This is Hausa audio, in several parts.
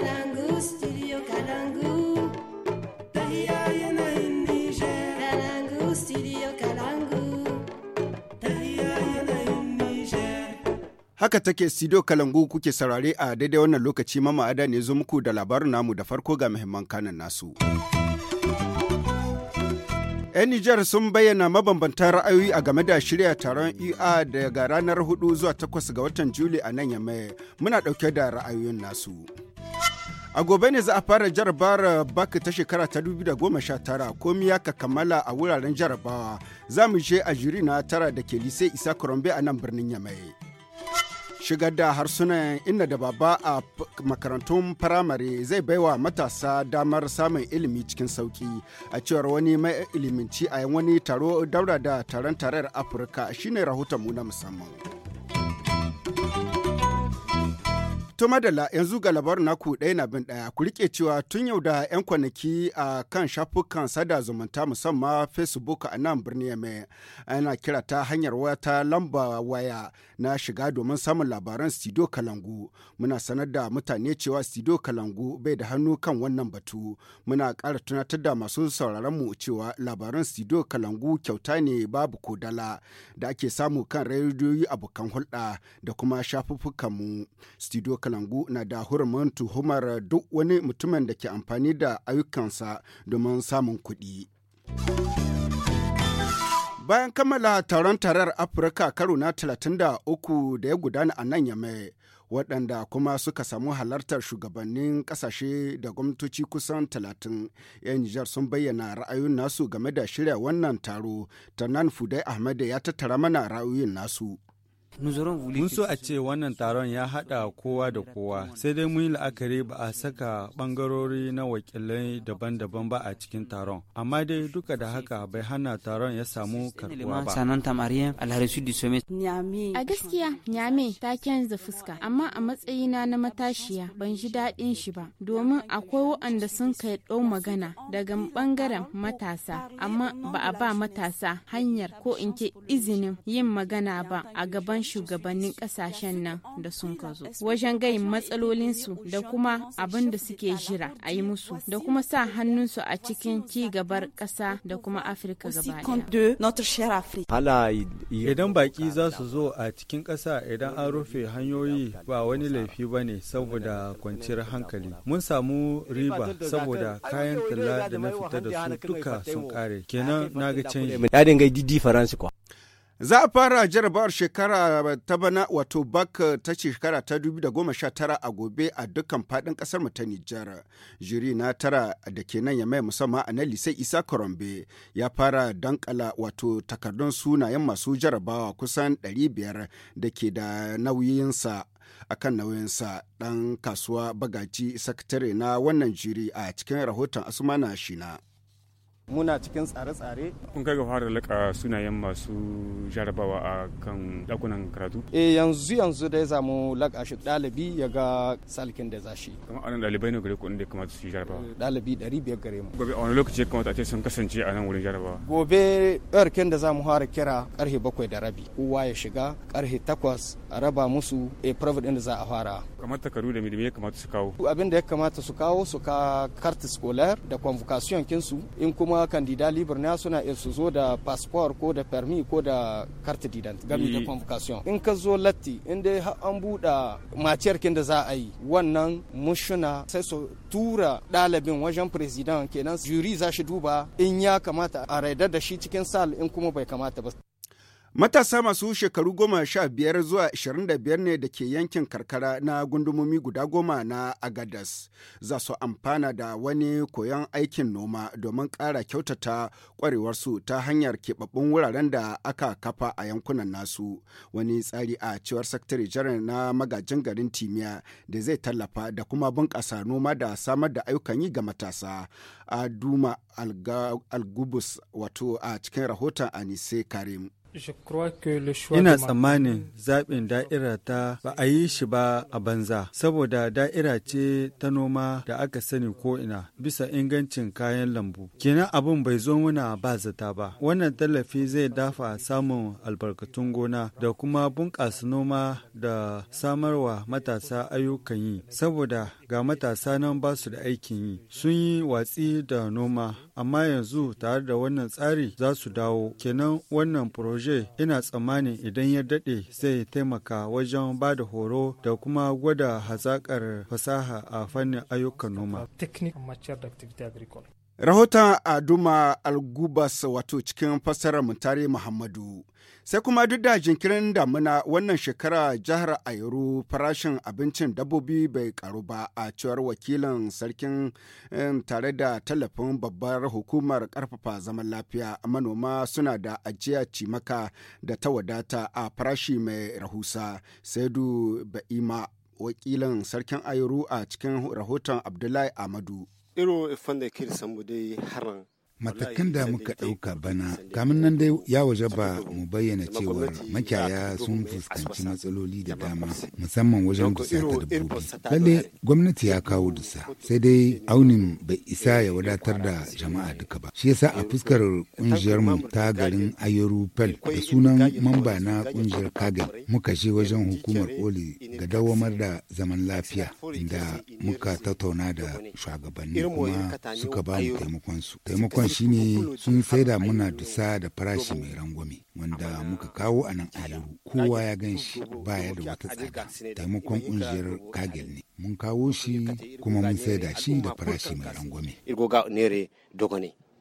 kalangu haka take Sido kalangu kuke saurare a daidai wannan lokaci mama'ada ne zo muku da labarin namu da farko ga muhimman kanan nasu 'Yan Nijar sun bayyana mabambantan ra'ayoyi a game da shirya taron EA daga ranar 4 zuwa 8 ga watan Juli a nan Yamai. Muna ɗauke da ra'ayoyin nasu. A gobe ne za a fara jarabar bak ta shekara ta 2019 komi ya ka kammala a wuraren jarabawa. Za mu je a jiri na tara da ke lise Isa kurambe a nan birnin Yamai. Shigar da harsunan inna da baba a makarantun firamare zai baiwa matasa damar samun ilimi cikin sauki a cewar wani mai iliminci a wani taro daura da taron tarayyar Afirka shine rahoton mu na musamman. To madalla yanzu ga labarin naku ɗaya na bin ɗaya ku rike cewa tun yau da 'yan kwanaki a kan shafukan sada zumunta musamman Facebook a nan birni mai ana kira ta hanyar waya ta lamba waya na shiga domin samun labaran Studio Kalangu. Muna sanar da mutane cewa Studio Kalangu bai da hannu kan wannan batu. Muna ƙara tunatar da masu sauraron mu cewa labaran Studio Kalangu kyauta ne babu kodala da ake samu kan rediyoyi abokan hulɗa da kuma shafuffukan mu. Studio Kalangu kalangu na da hurumin tuhumar duk wani mutumin da ke amfani da ayyukansa domin samun kuɗi. Bayan kammala taron tarar Afirka karo na 33 da ya gudana a nan yamai, waɗanda kuma suka samu halartar shugabannin ƙasashe da gwamnatoci kusan 30 'yan Nijar sun bayyana ra'ayoyin nasu game da shirya wannan taro, ta nan Fudai Ahmed ya tattara mana ra'ayoyin nasu. Mun so a ce wannan taron ya haɗa kowa da kowa, sai dai mun yi la'akari ba a saka ɓangarori na wakilai daban-daban ba a cikin taron. Amma dai duka da haka bai hana taron ya samu karbuwa ba. A gaskiya, Nyame ta canza fuska, amma a matsayina na matashiya ban ji daɗin shi ba, domin akwai waɗanda sun kai ɗau magana daga ɓangaren matasa, amma ba a ba matasa hanyar ko in ke izinin yin magana ba a gaban sauran shugabannin kasashen nan da sun ka zo wajen matsalolin matsalolinsu da kuma abin da suke jira a yi musu da kuma sa hannunsu a cikin ci gabar ƙasa da kuma afirka gaba idan baki za su zo a cikin ƙasa idan an rufe hanyoyi ba wani laifi ba ne saboda kwanciyar hankali mun samu riba saboda kayan talla da na fita da su duka sun kare kenan na ga canji ya dinga didi Za a fara jarabawar shekara ta bana wato bak eh, ta shekara ta 2019 a gobe a dukkan fadin kasar mu ta Nijar. Jiri na tara da ke nan ya mai musamman a nan sai Isa Korombe ya fara dankala wato takardun sunayen masu jarabawa kusan 500 da ke da nauyinsa akan nauyinsa dan kasuwa bagaji sakatare na wannan jiri a cikin rahoton Asumana Shina. muna cikin tsare-tsare. Kun kai ga fara laka sunayen masu jarabawa a kan dakunan karatu? Eh yanzu yanzu dai za mu laka shi ɗalibi ya ga salkin da za shi. Kamar anan ɗalibai ne gare ku inda kamata su yi jarabawa? Eh, ɗalibi ɗari biyar gare mu. Gobe a wani lokaci kamata a ce sun kasance a nan wurin jarabawa? Gobe ɗarkin da za mu fara kira ƙarfe bakwai da rabi. Kowa ya shiga ƙarfe takwas a raba musu a eh, private ɗin da za a fara. Kamar takardu da mai ya kamata su kawo? Abin da ya kamata su kawo su ka kartis da convocation kinsu in kuma kandida libre na suna iya su zo da passport ko da permi ko da carte d'identité gami da convocation in ka zo latti in dai an buɗe maciyar kin da za a yi wannan mushuna sai su tura ɗalibin wajen president kenan juri za shi duba e in ya kamata a raidar da shi cikin sal in kuma bai kamata ba Matasa masu shekaru goma sha biyar zuwa ashirin da biyar ne da ke yankin karkara na gundumomi guda goma na Agadas za su amfana da wani koyon aikin noma domin ƙara kyautata ƙwarewarsu ta hanyar keɓaɓɓun wuraren da aka kafa a yankunan nasu. Wani tsari a cewar Sakatare Jiran na magajin garin Timiya da zai tallafa da kuma bunƙasa noma da samar da ayyukan yi ga matasa. A Duma Algubus wato a cikin rahoton Anise Karim. Ina tsammanin zaɓin da'ira ta ba a yi shi ba a banza, saboda da'ira ce ta noma da aka sani ko'ina bisa ingancin kayan lambu. Kenan abin bai zo muna ba zata ba. Wannan tallafi zai dafa samun albarkatun gona da kuma bunƙasa noma da samarwa matasa ayyukan yi, saboda ga matasa nan ba su da aikin yi. Sun yi watsi da noma, amma yanzu tare da wannan tsari za su dawo. Kenan wannan Roger ina tsammanin idan ya daɗe zai taimaka wajen ba da horo da kuma gwada hazaƙar fasaha a fannin ayyukan noma. Rahoton Aduma Algubas wato cikin fassarar Mutare Muhammadu. Sai kuma duk da jinkirin damuna wannan shekara jihar Ayuru farashin abincin dabbobi bai karu ba a cewar wakilin sarkin tare da tallafin babbar hukumar karfafa zaman lafiya manoma suna da ajiya cimaka da ta wadata a farashi mai rahusa. Saidu Ba'ima wakilin sarkin Ayuru a cikin rahoton Abdullahi Amadu. Iro ifan da ke har haran matakan da muka ɗauka bana kamin nan dai ya waje ba mu bayyana cewa makiyaya sun fuskanci matsaloli da dama musamman wajen dusa ta dabbobi lalle gwamnati ya kawo dusa sai dai aunin bai isa ya wadatar da jama'a duka ba shi eh, yasa a fuskar eh, kungiyar mu ta garin ayoru pel da sunan mamba na kungiyar kagel muka je wajen hukumar oli ga dawamar da zaman lafiya inda muka tattauna da shugabanni kuma suka ba mu taimakon su shine sun saida muna dusa da farashi mai rangwame wanda muka kawo a nan a ayaru kowa ya gan shi baya da wata tsada taimakon kungiyar kagel ne mun kawo shi kuma mun saida shi da farashi mai rangwame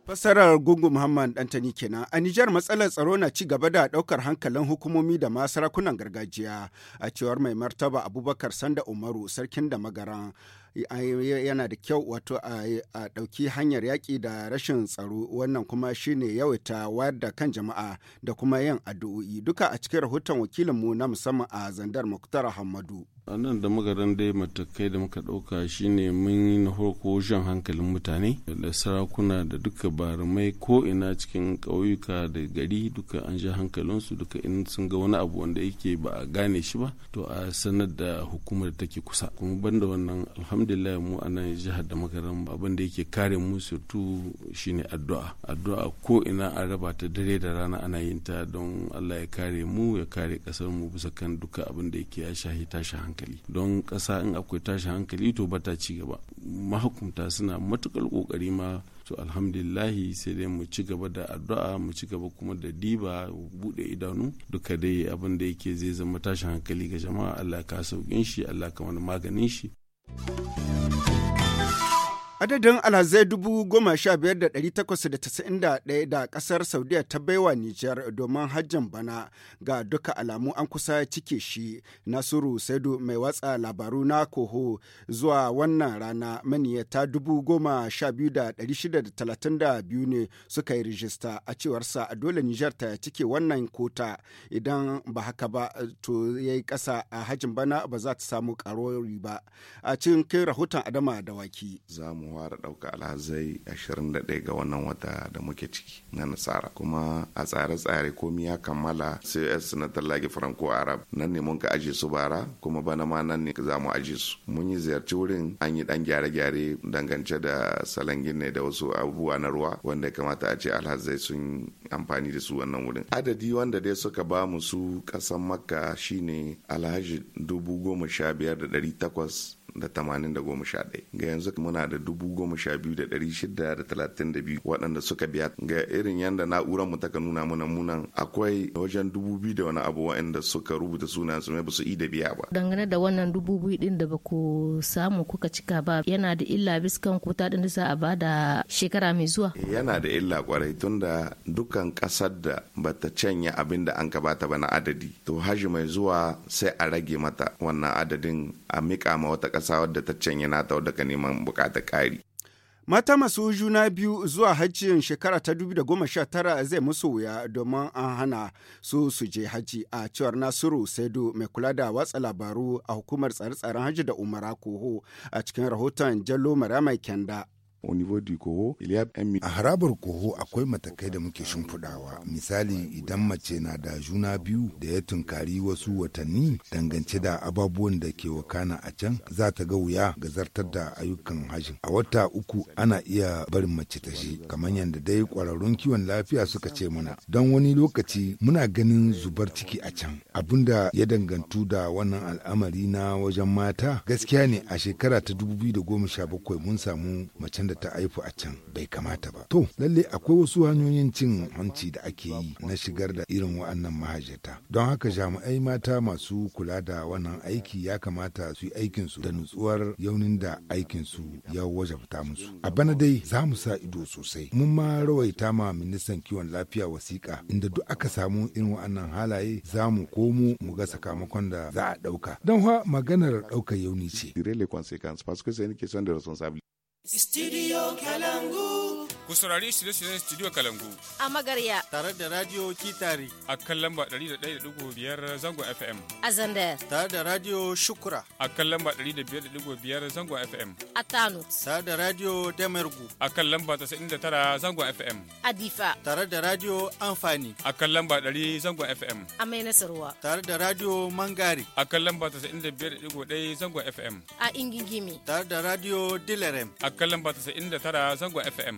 Fassarar Gungu Muhammad Dantani kenan a Nijar matsalar tsaro na ci gaba da daukar hankalin hukumomi da masarakunan gargajiya a cewar mai martaba Abubakar Sanda Umaru sarkin da magaran yana da kyau wato a ɗauki hanyar yaƙi da rashin tsaro wannan kuma shine yawaita wayar da kan jama'a da kuma yin addu'o'i duka a cikin rahoton wakilinmu na musamman a zandar muktar hamadu. a nan da magaran dai matakai da muka ɗauka shine mun yi na farko jan hankalin mutane da sarakuna da duka barumai ko ina cikin ƙauyuka da gari duka an ja hankalinsu duka in sun ga wani abu wanda yake ba a gane shi ba to a sanar da hukumar take kusa kuma banda wannan alhamdulillah mu a nan jihar da magaran abin da yake kare mu surtu shine addu'a addu'a ko ina an raba ta dare da rana ana yin ta don Allah ya kare mu ya kare kasar mu bisa kan duka abin da yake ya shahi tashi hankali hankali don ƙasa in akwai tashin hankali to ba ta ci gaba mahukunta suna matukar ƙoƙari ma to alhamdulillahi sai dai mu ci gaba da addu'a mu ci gaba kuma da diba bude idanu duka dai abin da yake zai zama tashin hankali ga jama'a Allah ka saukin shi Allah ka wani maganin shi. Adadin alhazai dubu da kasar ƙasar Saudiya ta baiwa Nijar domin hajjin bana ga duka alamu an kusa cike shi. Nasiru Saidu mai watsa labaru na Koho zuwa wannan rana maniyata dubu goma sha ne suka yi rijista a cewarsa a dole Nijar ta cike wannan kota idan ba haka ba to ya yi kasa a hajjin bana ba za ta samu karori ba. A cikin rahoton Adama Dawaki. Zamu mun ɗauka alhazai 21 ga wannan wata da muke ciki na nasara kuma a tsare-tsare komi ya kammala cs na tallage franco arab nan ne mun ka aje su bara kuma bana ma nan ne za mu aje su mun yi ziyarci wurin an yi dan gyare-gyare dangance da salangin ne da wasu abubuwa na ruwa wanda ya kamata a ce alhazai sun amfani da su wannan wurin adadi wanda dai suka ba mu su kasan makka shine alhaji dubu goma sha biyar da ɗari takwas da tamanin da goma sha ɗaya ga yanzu muna da dubu goma sha biyu da ɗari shida da talatin da biyu waɗanda suka biya ga irin yadda na'urar mu taka nuna mana munan akwai wajen dubu biyu da wani abu waɗanda suka rubuta suna su ba su yi da biya ba. dangane da wannan dubu biyu ɗin da ba ku samu kuka cika ba yana da illa biskan ku ta ɗin da a ba da shekara mai zuwa. Eh, yana da illa kwarai da dukkan ƙasar da bata canya abin da an ka bata ba na adadi to haji mai zuwa sai a rage mata wannan adadin a miƙa ma wata ƙasa ƙasa wadda ta canye nata wadda ka neman bukatar ƙari. Mata masu juna biyu zuwa hajjin shekara ta goma sha tara zai musu wuya domin an hana su su je hajji a cewar Nasiru Saidu mai kula da watsa labaru a hukumar tsare-tsaren hajji da Umara Koho a cikin rahoton Jallo marama Kenda. A harabar koho akwai matakai da muke shimfiɗawa. Misali idan mace na da juna biyu da ya tunkari wasu watanni dangance da ababuwan da ke wakana a can za ta ga wuya ga zartar da ayyukan hajji. A wata uku ana iya barin mace ta shi kamar yadda dai ƙwararrun kiwon lafiya suka ce mana. Don wani lokaci muna ganin zubar ciki a can. Abin da ya dangantu da wannan al'amari na wajen mata gaskiya ne a shekara ta 2017 mun samu macen da ta haifu a can bai kamata ba. To, lalle akwai wasu hanyoyin cin hanci da ake yi na shigar da irin wa'annan mahajjata. Don haka jami'ai mata masu kula da wannan aiki ya kamata su yi aikinsu da nutsuwar yaunin da aikinsu ya wajabta musu. A bana dai za mu sa ido sosai. Mun ma rawaita ma ministan kiwon lafiya wasiƙa inda duk aka samu irin wa'annan halaye za mu komo mu ga sakamakon da za a ɗauka. Don ha maganar ɗaukar yauni ce. Studio Kalangu. Ku saurari shirye-shiryen Studio Kalangu. A Magarya. Tare da Radio Kitari. A kan lamba 101.5 Zango FM. A Zandar. Tare da Radio Shukura. A kan lamba 105.5 Zango FM. A Tano. Tare da Radio Damergu. A kan lamba 99 Zango FM. A Difa. Tare da Radio Amfani. A kan lamba 100 Zango FM. A Mai Nasarwa. Tare da Radio Mangari. A kan lamba 95.1 Zango FM. A Ingigimi. Tare da Radio Dilerem. A kan lamba 99 Zango FM.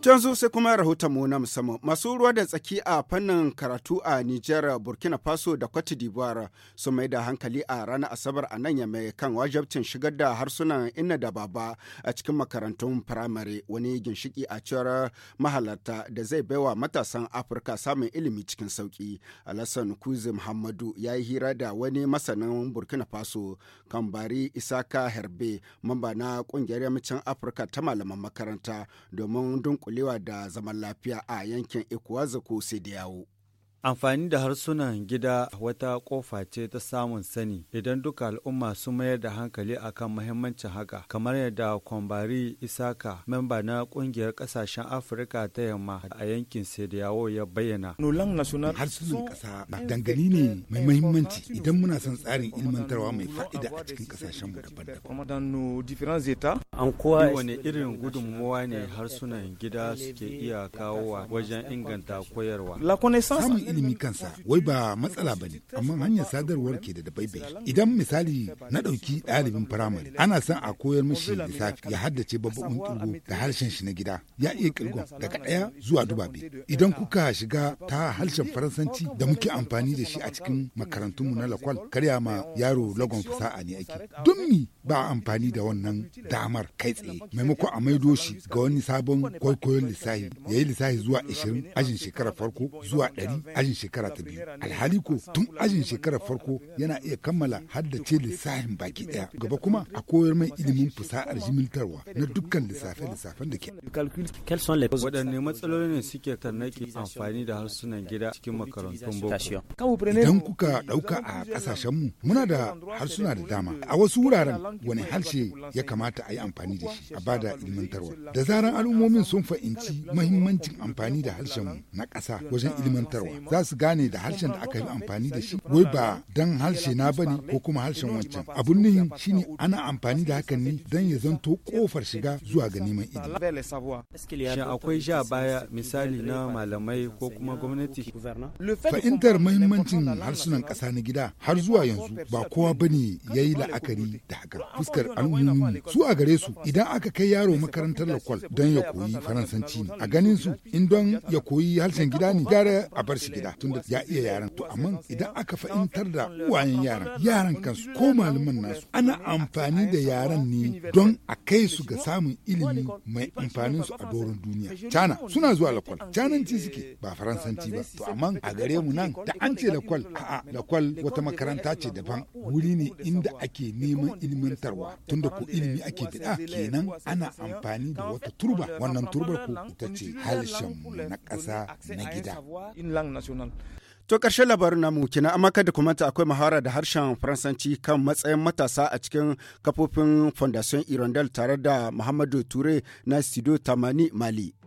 Tanzu sai kuma mu na musamman masu ruwa da tsaki a fannin karatu a Nijar, Burkina Faso da Cote d'Ivoire sun mai da hankali a ranar Asabar a nan mai kan wajabcin shigar da harsunan inna da baba a cikin makarantun firamare wani ginshiki a cewar mahalarta da zai baiwa matasan Afirka samun ilimi cikin sauki. Alassan Kuzi Muhammadu ya yi hira da wani masanin Burkina Faso kan bari Isaka Herbe mamba na kungiyar yammacin Afirka ta malaman makaranta domin dunkule kulewa da zaman lafiya a yankin sai ko yawo Amfani da harsunan gida wata kofa ce ta samun sani idan duka al'umma su mayar da hankali akan muhimmancin haka kamar yadda Kwambari Isaka memba na kungiyar kasashen Afirka ta yamma a yankin Sediyawo ya bayyana. Nolan National harsunan kasa na dangane ne mai muhimmanci idan muna son tsarin ilmantarwa mai fa'ida a cikin kasashen daban-daban. An irin gudunmuwa ne harsunan gida suke iya kawowa wajen inganta koyarwa. ilimi kansa wai ba matsala ba ne amma hanyar sadarwar ke da dabaibai idan misali na ɗauki ɗalibin firamare ana son a koyar mashi lissafi ya haddace babban ƙirgo da harshen shi na gida ya iya ƙirgon daga ɗaya zuwa dubabe idan kuka shiga ta harshen faransanci da muke amfani da shi a cikin makarantunmu na lakwal karya ma yaro lagon fasa'a ne ake don mi ba amfani da wannan damar kai tsaye maimakon a maido shi ga wani sabon kwaikwayon lissafi yayi yi lissafi zuwa 20 ajin shekarar farko zuwa 100 ajin shekara ta biyu alhali ko tun ajin shekarar farko yana iya kammala haddace lissafin baki daya gaba kuma a koyar mai ilimin fasahar jimiltarwa na dukkan lissafe-lissafen da ke waɗanne matsaloli ne suke tarnaki amfani da harsunan gida cikin makarantun boko idan kuka ɗauka a mu. muna da harsuna da dama a wasu wuraren wani harshe ya kamata a yi amfani da shi a bada ilimantarwa da zaran al'ummomin sun fahimci mahimmancin amfani da harshen mu na ƙasa wajen ilimantarwa za su gane da harshen da aka yi amfani da shi wai ba dan harshe na bane ko kuma harshen wancan abun nihin shine ana amfani da hakan ne don ya zanto kofar shiga zuwa ga neman ilimi shin akwai sha baya misali na malamai ko kuma gwamnati fahimtar mahimmancin harsunan ƙasa na gida har zuwa yanzu ba kowa bane ya yi la'akari da hakan fuskar al'ummomi su a gare su idan aka kai yaro makarantar lakwal don ya koyi faransanci ne a ganin su in don ya koyi harshen gida ne gara a bar shi gida tunda ya iya yaran to amma idan aka fahimtar da uwayen yaran yaran su ko malaman nasu ana amfani da yaran ne don a kai su ga samun ilimi mai amfanin su a doron duniya cana suna zuwa lakwal cananci suke ba faransanci ba to amma a gare mu nan da an ce lakwal a'a lakwal wata makaranta ce daban wuri ne inda ake neman ilimantarwa tunda ko ilimi ake fida kenan ana amfani da wata turba wannan turbar ko ita ce halshen na ƙasa na gida national To ƙarshen labarin namu kenan amma da kuma akwai mahara da harshen Faransanci kan matsayin matasa a cikin kafofin Fondation Irondel tare da Muhammadu Ture na Sido Tamani Mali.